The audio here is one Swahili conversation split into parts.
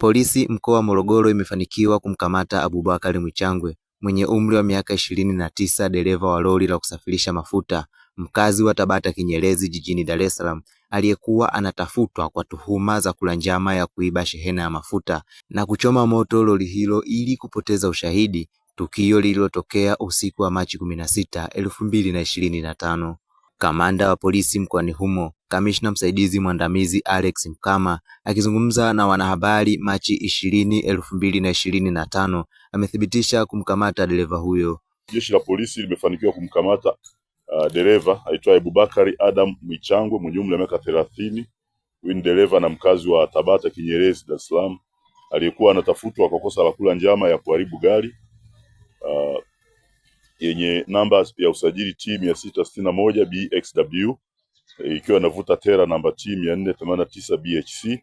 Polisi mkoa wa Morogoro imefanikiwa kumkamata Abubakar Mwichangwe mwenye umri wa miaka ishirini na tisa, dereva wa lori la kusafirisha mafuta, mkazi wa Tabata Kinyerezi jijini Dar es Salaam, aliyekuwa anatafutwa kwa tuhuma za kula njama ya kuiba shehena ya mafuta na kuchoma moto lori hilo ili kupoteza ushahidi, tukio lililotokea usiku wa Machi kumi na sita, elfu mbili na ishirini na tano. Kamanda wa polisi mkoani humo Kamishna msaidizi mwandamizi Alex Mkama akizungumza na wanahabari Machi ishirini elfu mbili na ishirini na tano amethibitisha kumkamata dereva huyo. Jeshi la polisi limefanikiwa kumkamata uh, dereva aitwaye Bubakari Adam Michangwe mwenye umri wa miaka thelathini. Huyu ni dereva na mkazi wa Tabata Kinyerezi, Dar es Salaam, aliyekuwa anatafutwa kwa kosa la kula njama ya kuharibu gari uh, yenye namba ya usajili T 661 BXW E, ikiwa inavuta tera namba T mia nne themanini na tisa BHC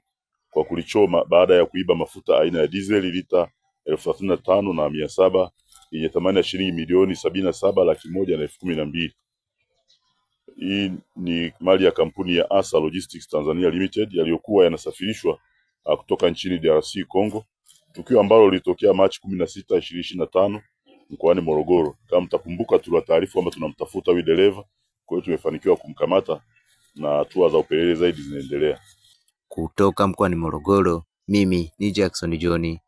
kwa kulichoma baada ya kuiba mafuta aina ya dizeli lita elfu thelathini na tano na mia saba yenye thamani ya shilingi milioni sabini na saba laki moja na elfu kumi na mbili. Hii ni mali ya kampuni ya Asa Logistics Tanzania Limited yaliyokuwa yanasafirishwa ah, kutoka nchini DRC Congo, tukio ambalo lilitokea Machi kumi na sita ishirini na tano mkoani Morogoro. Kama mtakumbuka, tuliwataarifu kwamba tunamtafuta huyu dereva, kwa hiyo tumefanikiwa kumkamata na hatua za upelelezi zaidi zinaendelea. Kutoka mkoani Morogoro, mimi ni Jackson John.